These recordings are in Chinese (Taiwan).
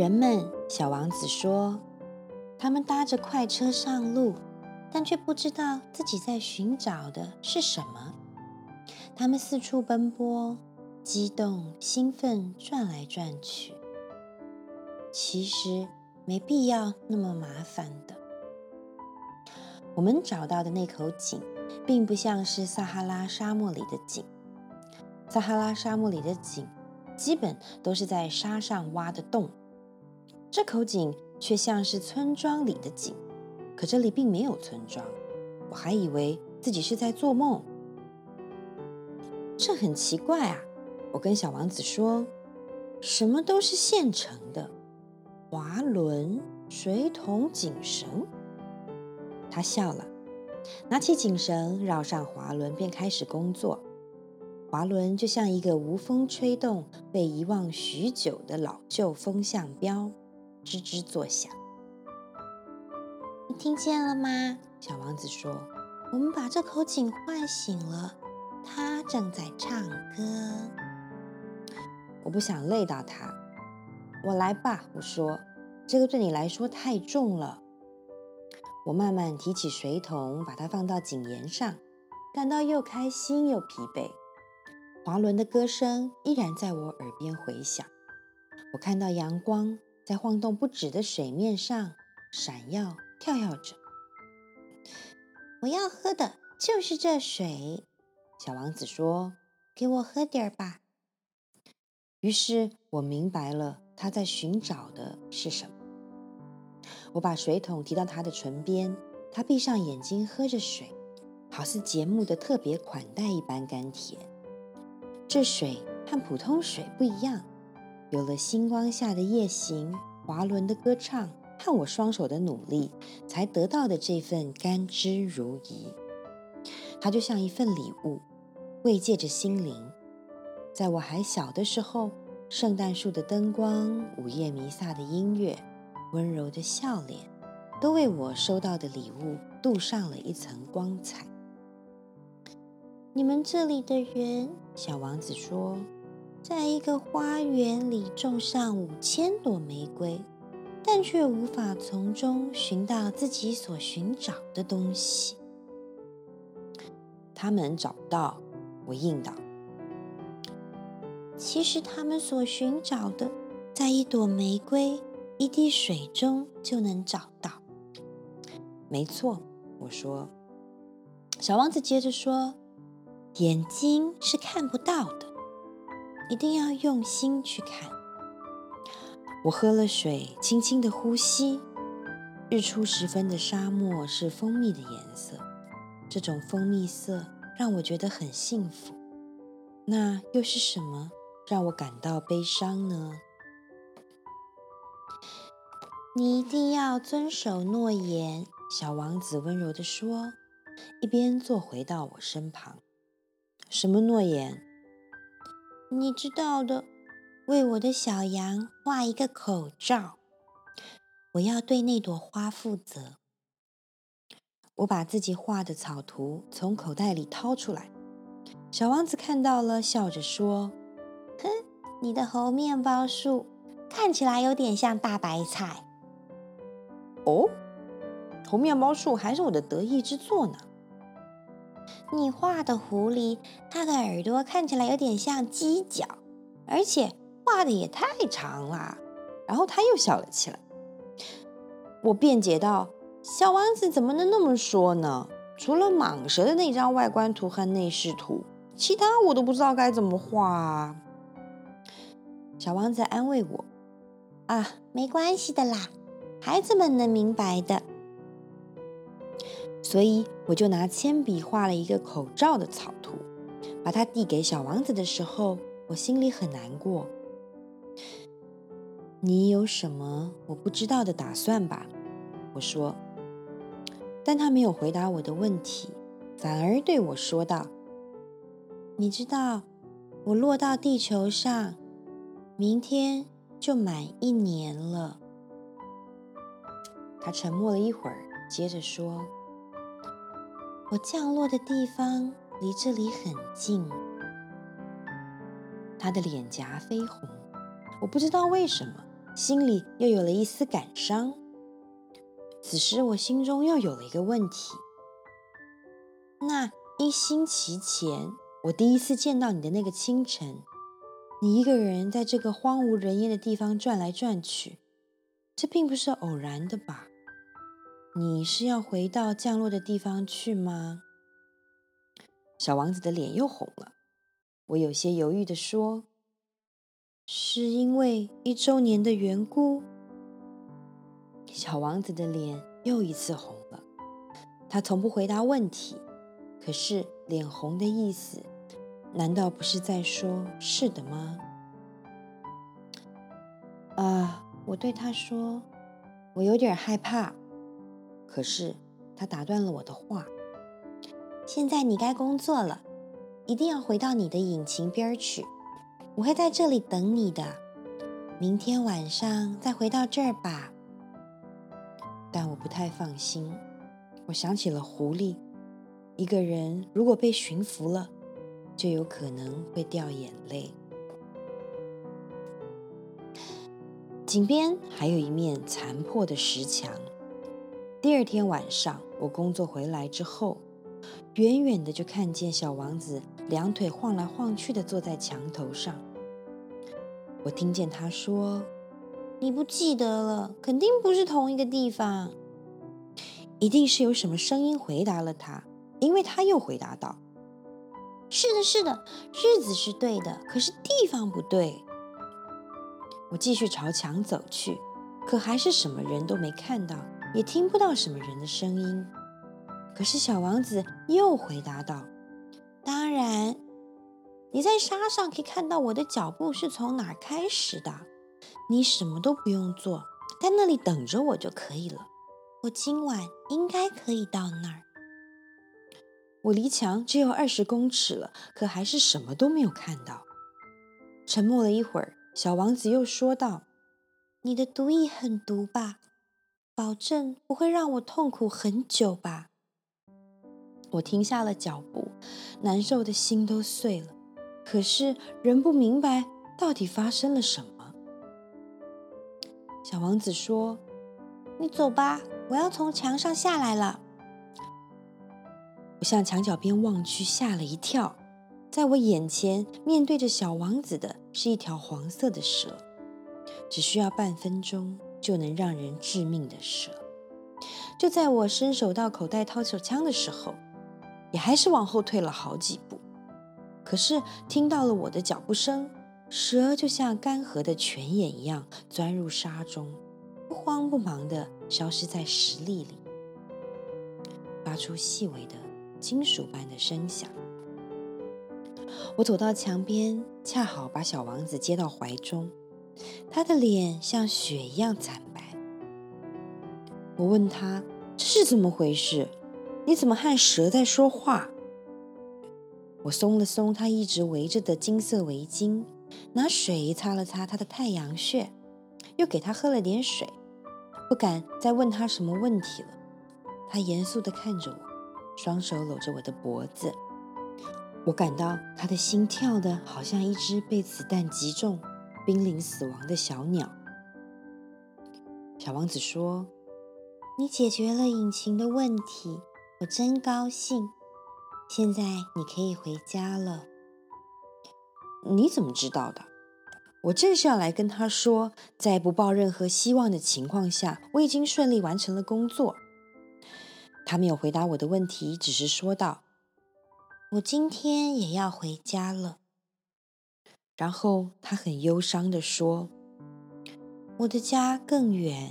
人們，小王子說：“他們搭着快車上路，但卻不知道自己在尋找的是什麼。他們四處奔波，激動、興奮，轉來轉去。其實沒必要那麼麻煩的。我們找到的那口井，並不像是撒哈拉沙漠裡的井。撒哈拉沙漠裡的井，基本都是在沙上挖的洞。”這口井卻像是村莊裡的井，可這裡並沒有村莊。我還以為自己是在做夢。這很奇怪啊！我跟小王子說：“什麼都是現成的，滑輪、水桶、井繩。”他笑了，拿起井繩繞上滑輪，便開始工作。滑輪就像一個無風吹動、被遺忘許久的老舊風向標。吱吱作響，你聽見了嗎？小王子說：“我們把這口井喚醒了，他正在唱歌。”我不想累到他。我來吧。我說：“這個對你來說太重了。”我慢慢提起水桶，把它放到井沿上，感到又開心又疲憊。滑輪的歌聲依然在我耳邊回響，我看到陽光。在晃動不止的水面上閃耀跳躍着。我要喝的就是這水，小王子說：“給我喝點兒吧。”於是，我明白了他在尋找的是什麼。我把水桶提到他的唇邊，他閉上眼睛喝着水，好似節目的特別款待一般甘甜。這水和普通水不一樣。有了星光下的夜行，滑輪的歌唱和我雙手的努力，才得到的這份甘之如飴。它就像一份禮物，慰藉着心靈。在我還小的時候，聖誕樹的燈光、午夜彌撒的音樂、溫柔的笑臉，都為我收到的禮物鍍上了一層光彩。你們這裡的人，小王子說。在一個花園裡種上五千朵玫瑰，但卻無法從中尋到自己所尋找的東西。他們找不到，我應道。其實他們所尋找的，在一朵玫瑰、一滴水中就能找到。沒錯，我說。小王子接着說：“眼睛是看不到的。”一定要用心去看。我喝了水，輕輕地呼吸。日出時分的沙漠是蜂蜜的顏色，這種蜂蜜色讓我覺得很幸福。那又是什麼讓我感到悲傷呢？你一定要遵守諾言，小王子溫柔地說，一邊坐回到我身旁。什麼諾言？你知道的，為我的小羊畫一個口罩。我要對那朵花負責。我把自己畫的草圖從口袋裡掏出來，小王子看到了，笑着說：“哼，你的猴面包樹看起來有點像大白菜。”哦，猴面包樹還是我的得意之作呢。你畫的狐狸，它的耳朵看起來有點像犄角，而且畫的也太長了。然後他又笑了起來。我辯解道：“小王子怎麼能那麼說呢？除了蟒蛇的那張外觀圖和內飾圖，其他我都不知道該怎麼畫。”小王子安慰我：“啊，沒關係的啦，孩子們能明白的。”所以我就拿鉛筆畫了一個口罩的草圖，把它遞給小王子的時候，我心裡很難過。你有什麼我不知道的打算吧？我說。但他沒有回答我的問題，反而對我說道：“你知道，我落到地球上，明天就滿一年了。”他沉默了一會兒，接着說。我降落的地方離這裡很近，他的臉頰緋紅，我不知道為什麼，心裡又有了一絲感傷。此時我心中又有了一個問題：那一星期前，我第一次見到你的那個清晨，你一個人在這個荒無人煙的地方轉來轉去，這並不是偶然的吧？你是要回到降落的地方去嗎？小王子的臉又紅了。我有些猶豫地說：“是因為一周年的緣故。”小王子的臉又一次紅了。他從不回答問題，可是臉紅的意思，難道不是在說是的嗎？啊、呃，我對他說：“我有點害怕。”可是，他打斷了我的話。現在你該工作了，一定要回到你的引擎邊兒去。我會在這裡等你的。明天晚上再回到這兒吧。但我不太放心，我想起了狐狸。一個人如果被馴服了，就有可能會掉眼淚。井邊還有一面殘破的石牆。第二天晚上，我工作回來之後，遠遠的就看見小王子兩腿晃來晃去的坐在牆頭上。我聽見他說：“你不記得了，肯定不是同一個地方。”一定是有什麼聲音回答了他，因為他又回答道：“是的，是的，日子是對的，可是地方不對。”我繼續朝牆走去，可還是什麼人都沒看到。也聽不到什麼人的聲音。可是小王子又回答道：“當然，你在沙上可以看到我的腳步是從哪兒開始的。你什麼都不用做，在那裡等着我就可以了。我今晚應該可以到那兒。我離牆只有二十公尺了，可還是什麼都沒有看到。”沉默了一會兒，小王子又說道：“你的毒液很毒吧？”保證不會讓我痛苦很久吧？我停下了腳步，難受的心都碎了。可是仍不明白到底發生了什麼。小王子說：“你走吧，我要從牆上下來了。”我向牆角邊望去，嚇了一跳。在我眼前，面對着小王子的是一條黃色的蛇。只需要半分鐘。就能讓人致命的蛇。就在我伸手到口袋掏手槍的時候，也還是往後退了好幾步。可是聽到了我的腳步聲，蛇就像乾涸的泉眼一樣鑽入沙中，不慌不忙地消失在石礫裡，發出細微的金屬般的聲響。我走到牆邊，恰好把小王子接到懷中。他的臉像雪一樣慘白。我問他這是怎麼回事？你怎麼和蛇在說話？我鬆了鬆他一直圍着的金色圍巾，拿水擦了擦他的太陽穴，又給他喝了點水。不敢再問他什麼問題了。他嚴肅地看着我，雙手摟着我的脖子。我感到他的心跳得好像一只被子彈擊中瀕臨死亡的小鳥，小王子說：“你解決了引擎的問題，我真高興。現在你可以回家了。”你怎麼知道的？我正是要來跟他說，在不抱任何希望的情況下，我已經順利完成了工作。他沒有回答我的問題，只是說道：“我今天也要回家了。”然後他很憂傷地說：“我的家更遠，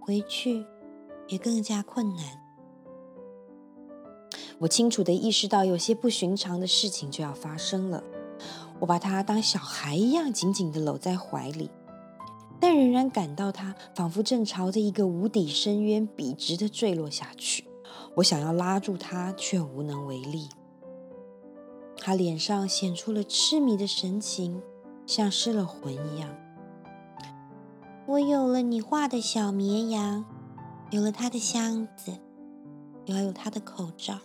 回去也更加困難。”我清楚地意識到有些不尋常的事情就要發生了。我把他當小孩一樣緊緊地摟在懷裡，但仍然感到他仿佛正朝着一個無底深淵筆直地墜落下去。我想要拉住他，卻無能為力。他臉上顯出了痴迷的神情，像失了魂一樣。我有了你畫的小綿羊，有了他的箱子，又還有他的口罩。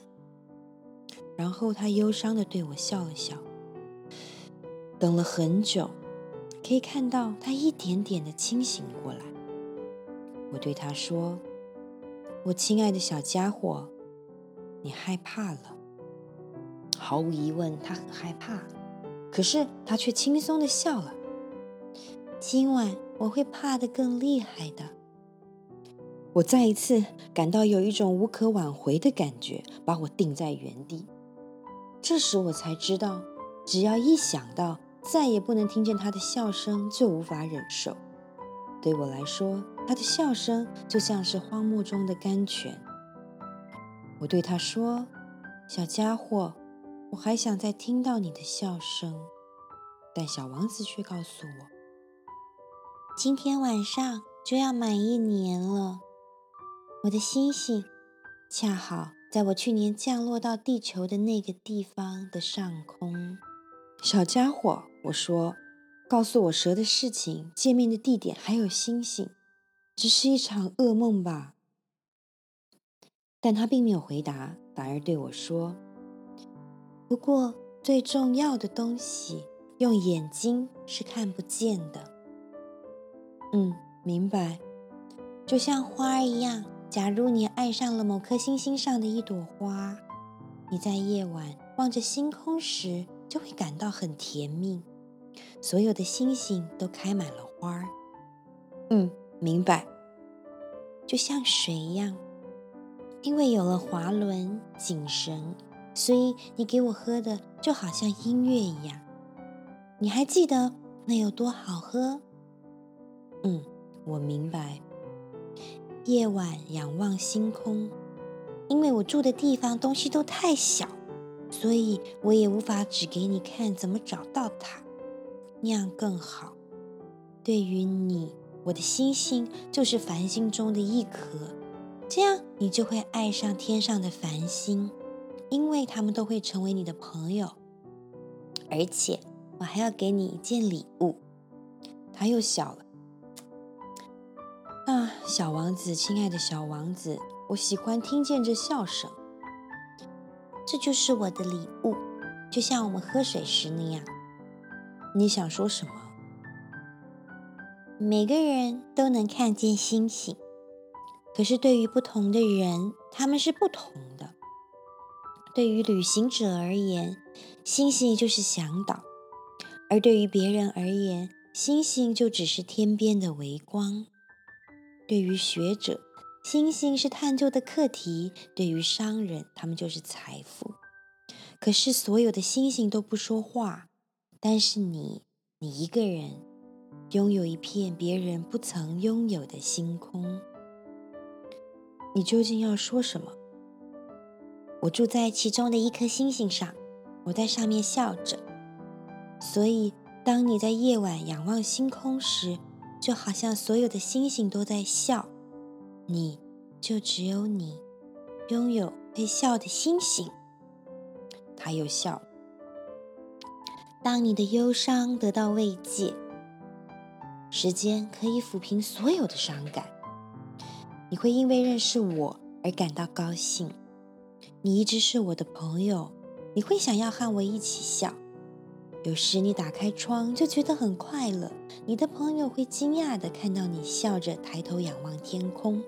然後他憂傷地對我笑了笑。等了很久，可以看到他一點點地清醒過來。我對他說：“我親愛的小家伙，你害怕了。”毫無疑問，他很害怕，可是他卻輕鬆的笑了。今晚我會怕得更厲害的。我再一次感到有一種無可挽回的感覺把我定在原地。這時我才知道，只要一想到再也不能聽見他的笑聲，就無法忍受。對我來說，他的笑聲就像是荒漠中的甘泉。我對他說：“小家伙。”我還想再聽到你的笑聲，但小王子卻告訴我，今天晚上就要滿一年了。我的星星恰好在我去年降落到地球的那個地方的上空。小家伙，我說，告訴我蛇的事情、見面的地點還有星星，只是一場噩夢吧？但他並沒有回答，反而對我說。不過，最重要的東西用眼睛是看不見的。嗯，明白。就像花兒一樣，假如你愛上了某顆星星上的一朵花，你在夜晚望着星空時，就會感到很甜蜜。所有的星星都開滿了花兒。嗯，明白。就像水一樣，因為有了滑輪、井繩。所以你給我喝的就好像音樂一樣，你還記得那有多好喝？嗯，我明白。夜晚仰望星空，因為我住的地方東西都太小，所以我也無法指給你看怎麼找到它。那樣更好。對於你，我的星星就是繁星中的一顆，這樣你就會愛上天上的繁星。因為他們都會成為你的朋友，而且我還要給你一件禮物。他又笑了。啊，小王子，親愛的小王子，我喜歡聽見這笑聲。這就是我的禮物，就像我們喝水時那樣。你想說什麼？每個人都能看見星星，可是對於不同的人，他們是不同。對於旅行者而言，星星就是向導；而對於別人而言，星星就只是天邊的微光。對於學者，星星是探究的課題；對於商人，他們就是財富。可是所有的星星都不說話，但是你，你一個人擁有一片別人不曾擁有的星空，你究竟要說什麼？我住在其中的一顆星星上，我在上面笑着。所以，當你在夜晚仰望星空時，就好像所有的星星都在笑。你就只有你擁有會笑的星星。他又笑。當你的憂傷得到慰藉，時間可以撫平所有的傷感。你會因為認識我而感到高興。你一直是我的朋友，你會想要和我一起笑。有時你打開窗就覺得很快樂，你的朋友會驚訝地看到你笑着抬頭仰望天空，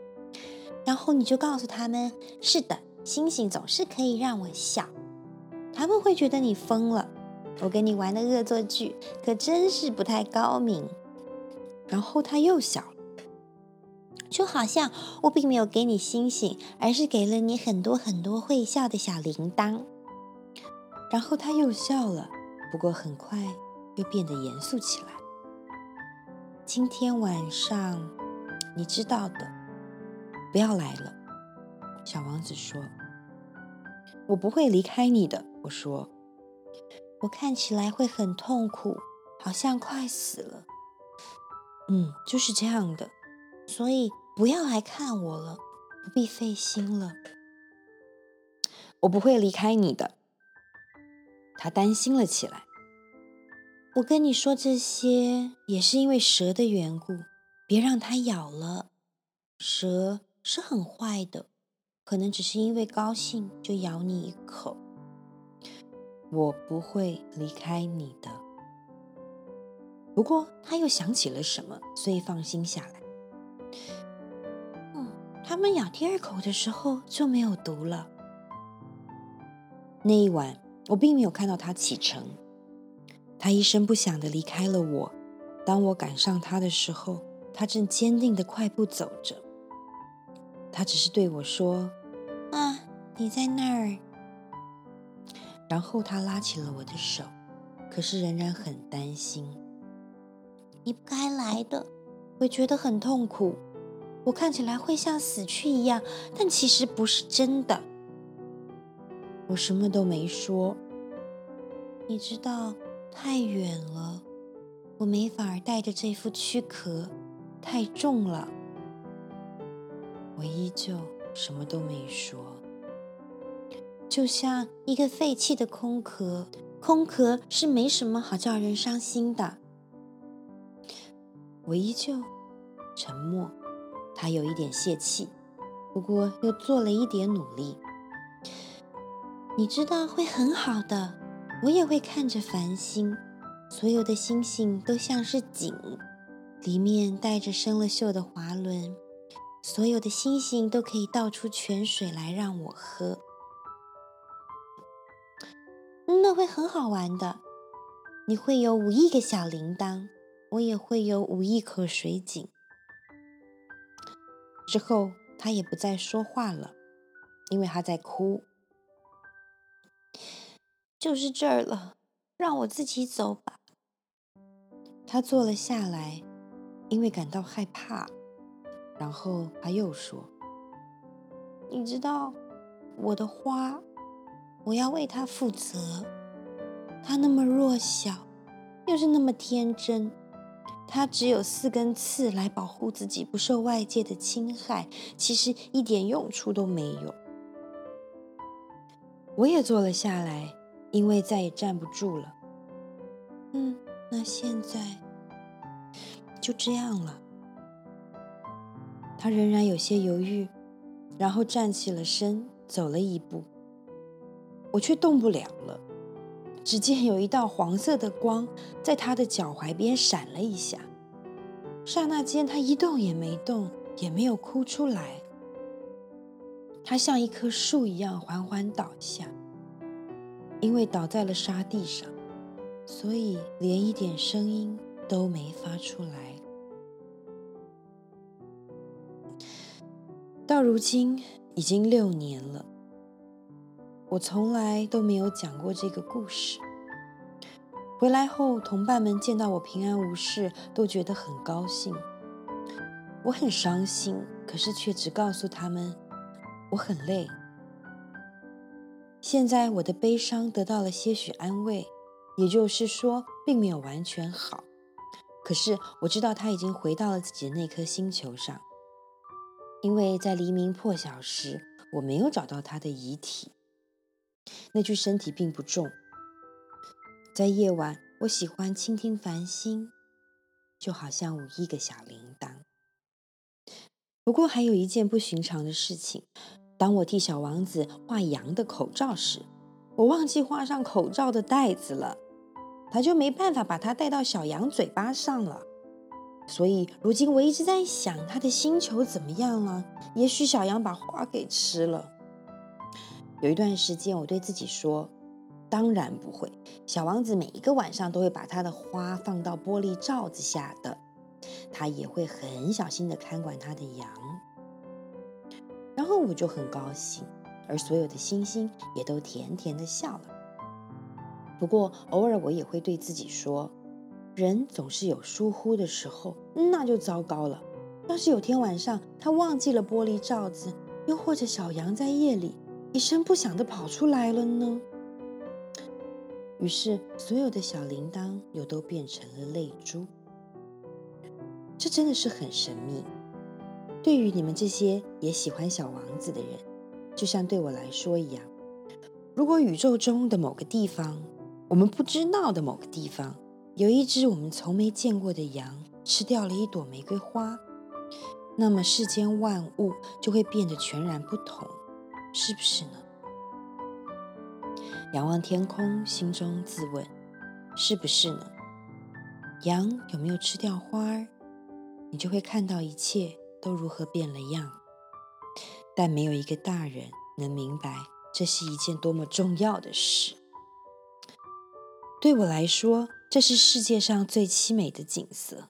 然後你就告訴他們：“是的，星星總是可以讓我笑。”他們會覺得你瘋了。我跟你玩的惡作劇可真是不太高明。然後他又笑。就好像我並沒有給你星星，而是給了你很多很多會笑的小鈴鐺。然後他又笑了，不過很快又變得嚴肅起來。今天晚上，你知道的，不要來了。小王子說：“我不會離開你的。”我說：“我看起來會很痛苦，好像快死了。”嗯，就是這樣的，所以。不要來看我了，不必費心了。我不會離開你的。他擔心了起來。我跟你說這些也是因為蛇的緣故，別讓它咬了。蛇是很壞的，可能只是因為高興就咬你一口。我不會離開你的。不過他又想起了什麼，所以放心下來。他們咬第二口的時候就沒有毒了。那一晚，我並沒有看到他啟程，他一聲不響的離開了我。當我趕上他的時候，他正堅定的快步走着。他只是對我說：“啊，你在那兒？”然後他拉起了我的手，可是仍然很擔心。你不該來的，我覺得很痛苦。我看起來會像死去一樣，但其實不是真的。我什麼都沒說。你知道，太遠了，我沒法帶着這副軀殼，太重了。我依舊什麼都沒說，就像一個廢棄的空殼。空殼是沒什麼好叫人傷心的。我依舊沉默。他有一點洩氣，不過又做了一點努力。你知道，會很好的，我也會看着繁星，所有的星星都像是井，裡面帶着生了鏽的滑輪，所有的星星都可以倒出泉水來讓我喝。那會很好玩的，你會有五億個小鈴鐺，我也會有五億口水井。之後，他也不再說話了，因為他在哭。就是這兒了，讓我自己走吧。他坐了下來，因為感到害怕。然後他又說：“你知道，我的花，我要為它負責。它那麼弱小，又是那麼天真。”它只有四根刺來保護自己不受外界的侵害，其實一點用處都沒有。我也坐了下來，因為再也站不住了。嗯，那現在就這樣了。他仍然有些猶豫，然後站起了身，走了一步，我卻動不了了。只見有一道黃色的光在他的腳踝邊閃了一下，剎那間，他一動也沒動，也沒有哭出來。他像一棵樹一樣緩緩倒下，因為倒在了沙地上，所以連一點聲音都沒發出來。到如今，已經六年了。我從來都沒有講過這個故事。回來後，同伴們見到我平安無事，都覺得很高興。我很傷心，可是卻只告訴他們我很累。現在我的悲傷得到了些許安慰，也就是說，並沒有完全好。可是我知道他已經回到了自己的那顆星球上，因為在黎明破曉時，我沒有找到他的遺體。那具身體並不重。在夜晚，我喜歡傾聽繁星，就好像五億個小鈴鐺。不過還有一件不尋常的事情：當我替小王子畫羊的口罩時，我忘記畫上口罩的帶子了，他就沒辦法把它戴到小羊嘴巴上了。所以如今我一直在想，他的星球怎麼樣了啊？也許小羊把花給吃了。有一段時間，我對自己說：“當然不會。”小王子每一個晚上都會把他的花放到玻璃罩子下的，他也會很小心的看管他的羊。然後我就很高興，而所有的星星也都甜甜的笑了。不過偶爾我也會對自己說：“人總是有疏忽的時候，那就糟糕了。要是有天晚上他忘記了玻璃罩子，又或者小羊在夜裡……”一聲不響地跑出來了呢。於是，所有的小鈴鐺又都變成了淚珠。這真的是很神秘。對於你們這些也喜歡《小王子》的人，就像對我來說一樣，如果宇宙中的某個地方，我們不知道的某個地方，有一隻我們從沒見過的羊吃掉了一朵玫瑰花，那麼世間萬物就會變得全然不同。是不是呢？仰望天空，心中自問：是不是呢？羊有沒有吃掉花兒？你就會看到一切都如何變了樣。但沒有一個大人能明白，這是一件多麼重要的事。對我來說，這是世界上最淒美的景色。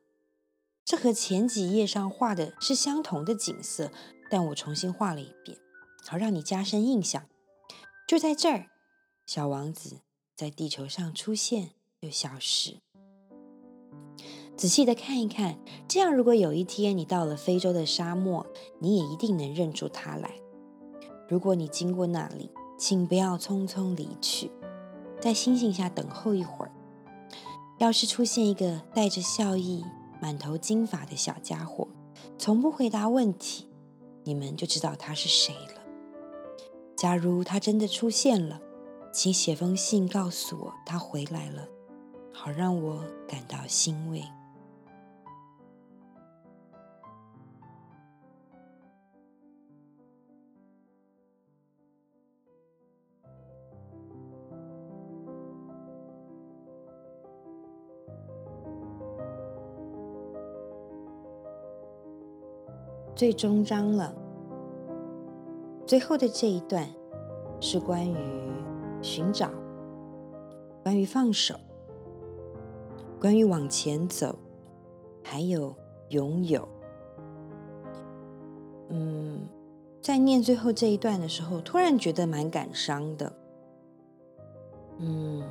這和前幾頁上畫的是相同的景色，但我重新畫了一遍。好讓你加深印象。就在這兒，小王子在地球上出現又消失。仔細的看一看，這樣，如果有一天你到了非洲的沙漠，你也一定能認出他來。如果你經過那裡，請不要匆匆離去，在星星下等候一會兒。要是出現一個帶着笑意、滿頭金髮的小家伙，從不回答問題，你們就知道他是誰了。假如他真的出現了，請寫封信告訴我他回來了，好讓我感到欣慰。最終章了。最後的這一段是關於尋找，關於放手，關於往前走，還有擁有。嗯，在念最後這一段的時候，突然覺得蠻感傷的。嗯，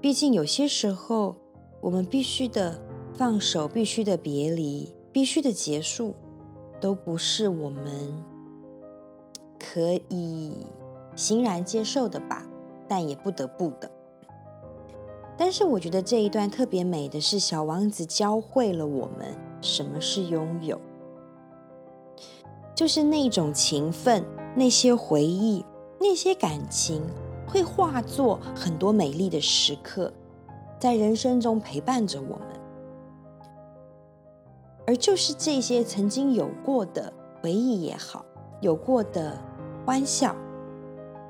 畢竟有些時候，我們必須的放手，必須的別離，必須的結束，都不是我們可以欣然接受的吧，但也不得不的。但是我覺得這一段特別美的是小王子教會了我們什麼是擁有。就是那種情分、那些回憶、那些感情，會化作很多美麗的時刻，在人生中陪伴着我們。而就是這些曾經有過的回憶也好。有過的歡笑，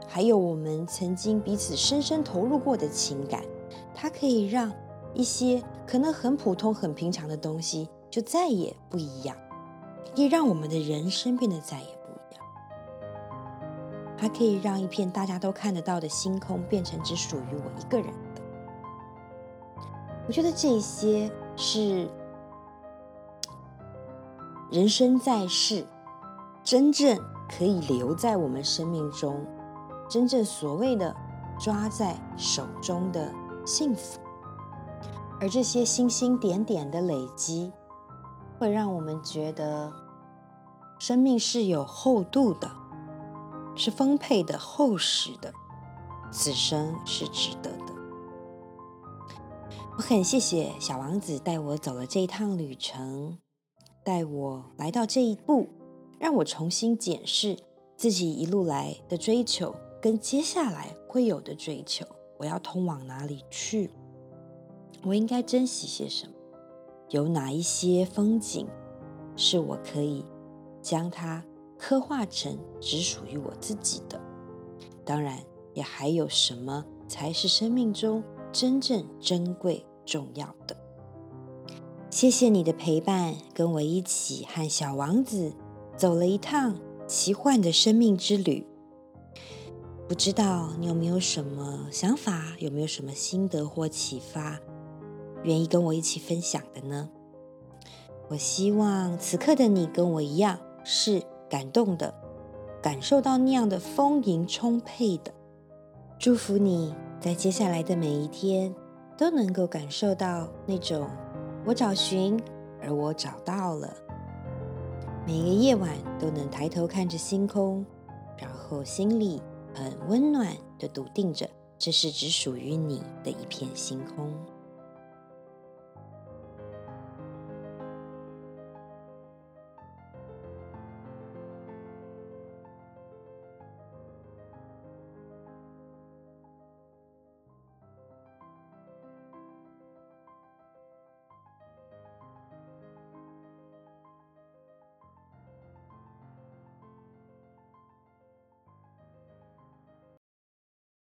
還有我們曾經彼此深深投入過的情感，它可以讓一些可能很普通、很平常的東西就再也不一樣，也讓我們的人生變得再也不一樣。它可以讓一片大家都看得到的星空變成只屬於我一個人的。我覺得這些是人生在世。真正可以留在我們生命中，真正所謂的抓在手中的幸福，而這些星星點點的累積，會讓我們覺得生命是有厚度的，是豐沛的、厚實的，此生是值得的。我很謝謝小王子帶我走了這一趟旅程，帶我來到這一步。讓我重新檢視自己一路來的追求，跟接下來會有的追求，我要通往哪裡去？我應該珍惜些什麼？有哪一些風景，是我可以將它刻畫成只屬於我自己的？當然，也還有什麼才是生命中真正珍貴、重要的？謝謝你的陪伴，跟我一起和小王子。走了一趟奇幻的生命之旅，不知道你有沒有什麼想法，有沒有什麼心得或啟發，願意跟我一起分享的呢？我希望此刻的你跟我一樣是感動的，感受到那樣的豐盈充沛的。祝福你在接下來的每一天都能夠感受到那種我找尋，而我找到了。每個夜晚都能抬頭看着星空，然後心裡很溫暖地篤定着，這是只屬於你的一片星空。